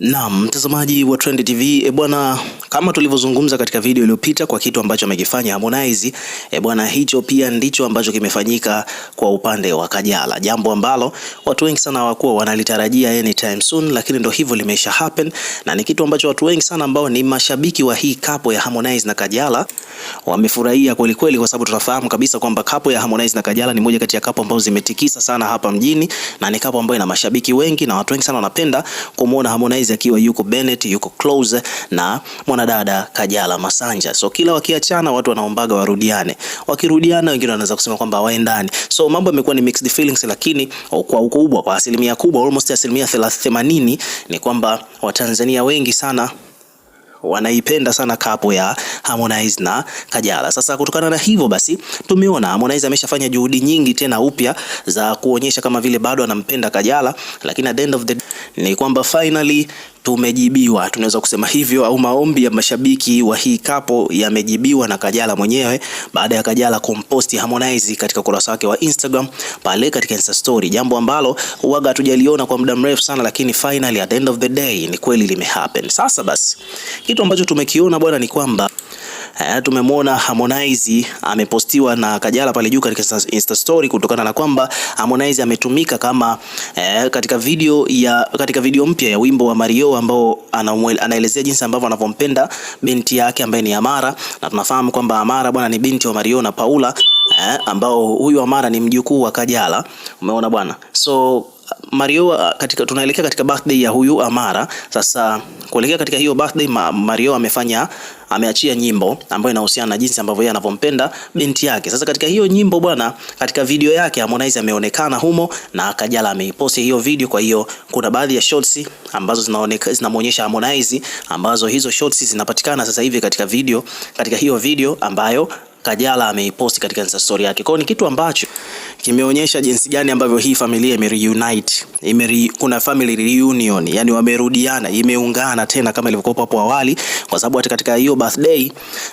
Naam, mtazamaji wa Trend TV, e eh, bwana, kama tulivyozungumza katika video iliyopita kwa kitu ambacho amekifanya Harmonize, e bwana, hicho pia ndicho ambacho kimefanyika kwa upande wa Kajala, jambo ambalo watu wengi sana hawakuwa wanalitarajia anytime soon, lakini ndo hivyo limesha happen, na ni kitu ambacho watu wengi sana ambao ni mashabiki wa hii kapo ya Harmonize na Kajala wamefurahia kweli kweli, kwa sababu tunafahamu kabisa kwamba kapo ya Harmonize na Kajala ni moja kati ya kapo ambazo zimetikisa sana hapa mjini na ni kapo ambayo ina mashabiki wengi na watu wengi sana wanapenda kumuona Harmonize Harmonize akiwa yuko Bennett, yuko close na mwanadada Kajala Masanja. So kila wakiachana watu wanaombaga warudiane, wakirudiana wengine wanaweza kusema kwamba waendani. So mambo yamekuwa ni mixed feelings, lakini kwa ukubwa, kwa asilimia kubwa, almost asilimia 80 ni kwamba Watanzania wengi sana wanaipenda sana kapo ya Harmonize na Kajala. Sasa kutokana na hivyo basi, tumeona Harmonize ameshafanya juhudi nyingi tena upya za kuonyesha kama vile bado anampenda Kajala, lakini at the end of the day ni kwamba finally tumejibiwa, tunaweza kusema hivyo, au maombi ya mashabiki wa hii kapo yamejibiwa na Kajala mwenyewe baada ya Kajala kumposti Harmonize katika ukurasa wake wa Instagram pale katika Insta story, jambo ambalo huaga hatujaliona kwa muda mrefu sana, lakini finally at the end of the day ni kweli limehappen. Sasa basi, kitu ambacho tumekiona bwana ni kwamba eh, tumemwona Harmonize amepostiwa na Kajala pale juu katika Insta story kutokana na kwamba Harmonize ametumika kama eh, katika video ya katika video mpya ya wimbo wa Mario ambao anaelezea jinsi ambavyo anavyompenda binti yake ambaye ni Amara, na tunafahamu kwamba Amara bwana ni binti wa Mario na Paula eh, ambao huyu Amara ni mjukuu wa Kajala. Umeona bwana, so Mario ah, katika tunaelekea katika birthday ya huyu Amara sasa Kuelekea katika hiyo birthday, Mario amefanya ameachia nyimbo ambayo inahusiana na jinsi ambavyo yeye anavyompenda binti yake. Sasa katika hiyo nyimbo bwana, katika video yake Harmonize ameonekana humo na Kajala ameiposti hiyo video. Kwa hiyo kuna baadhi ya shorts ambazo zinaonekana zinamuonyesha Harmonize, ambazo hizo shorts zinapatikana sasa hivi katika video, katika hiyo video ambayo Kajala ameiposti katika Insta story yake. Kwa hiyo ni kitu ambacho kimeonyesha jinsi gani ambavyo hii familia imereunite. Imere, kuna family reunion, yani wamerudiana, imeungana tena kama ilivyokuwa hapo awali kwa sababu hata katika hiyo birthday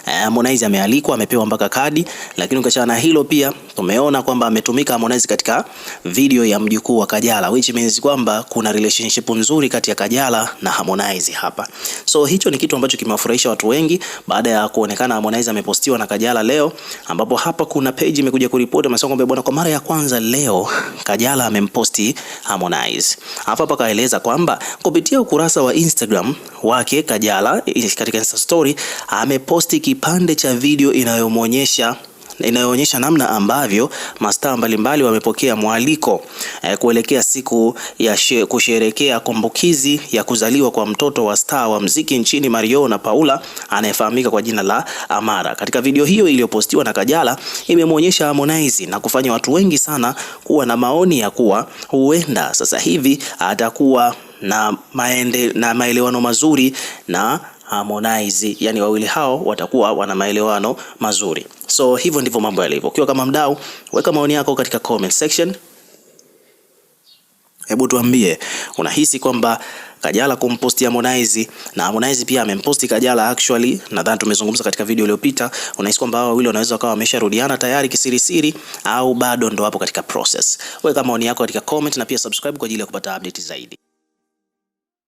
eh, Harmonize amealikwa, amepewa mpaka kadi, lakini ukiachana na hilo pia tumeona kwamba ametumika Harmonize katika video ya mjukuu wa Kajala which means kwamba kuna relationship nzuri kati ya Kajala na Harmonize hapa. So hicho ni kitu ambacho kimewafurahisha watu wengi baada ya kuonekana Harmonize amepostiwa na Kajala leo leo, ambapo hapa kuna page imekuja kuripoti amesema kwamba bwana, kwa mara ya kwanza leo Kajala amemposti Harmonize. Hapa hapa kaeleza kwamba kupitia ukurasa wa Instagram wake Kajala katika Insta story ameposti kipande cha video inayomwonyesha inayoonyesha namna ambavyo mastaa mbalimbali wamepokea mwaliko eh, kuelekea siku ya she, kusherekea kumbukizi ya kuzaliwa kwa mtoto wa staa wa mziki nchini Mario na Paula anayefahamika kwa jina la Amara. Katika video hiyo iliyopostiwa na Kajala imemwonyesha Harmonize na kufanya watu wengi sana kuwa na maoni ya kuwa huenda sasa hivi atakuwa na maende, na maelewano mazuri na Harmonize, yani wawili hao watakuwa wana maelewano mazuri. So hivyo ndivyo mambo yalivyo. Ukiwa kama mdau, weka maoni yako katika comment section. Hebu tuambie unahisi kwamba Kajala kumposti Harmonize na Harmonize pia amemposti Kajala actually, nadhani tumezungumza katika video iliyopita. Unahisi kwamba hao wawili wanaweza wakawa wamesharudiana tayari kisirisiri au bado ndo wapo katika process? Weka maoni yako katika comment na pia subscribe kwa ajili ya kupata update zaidi.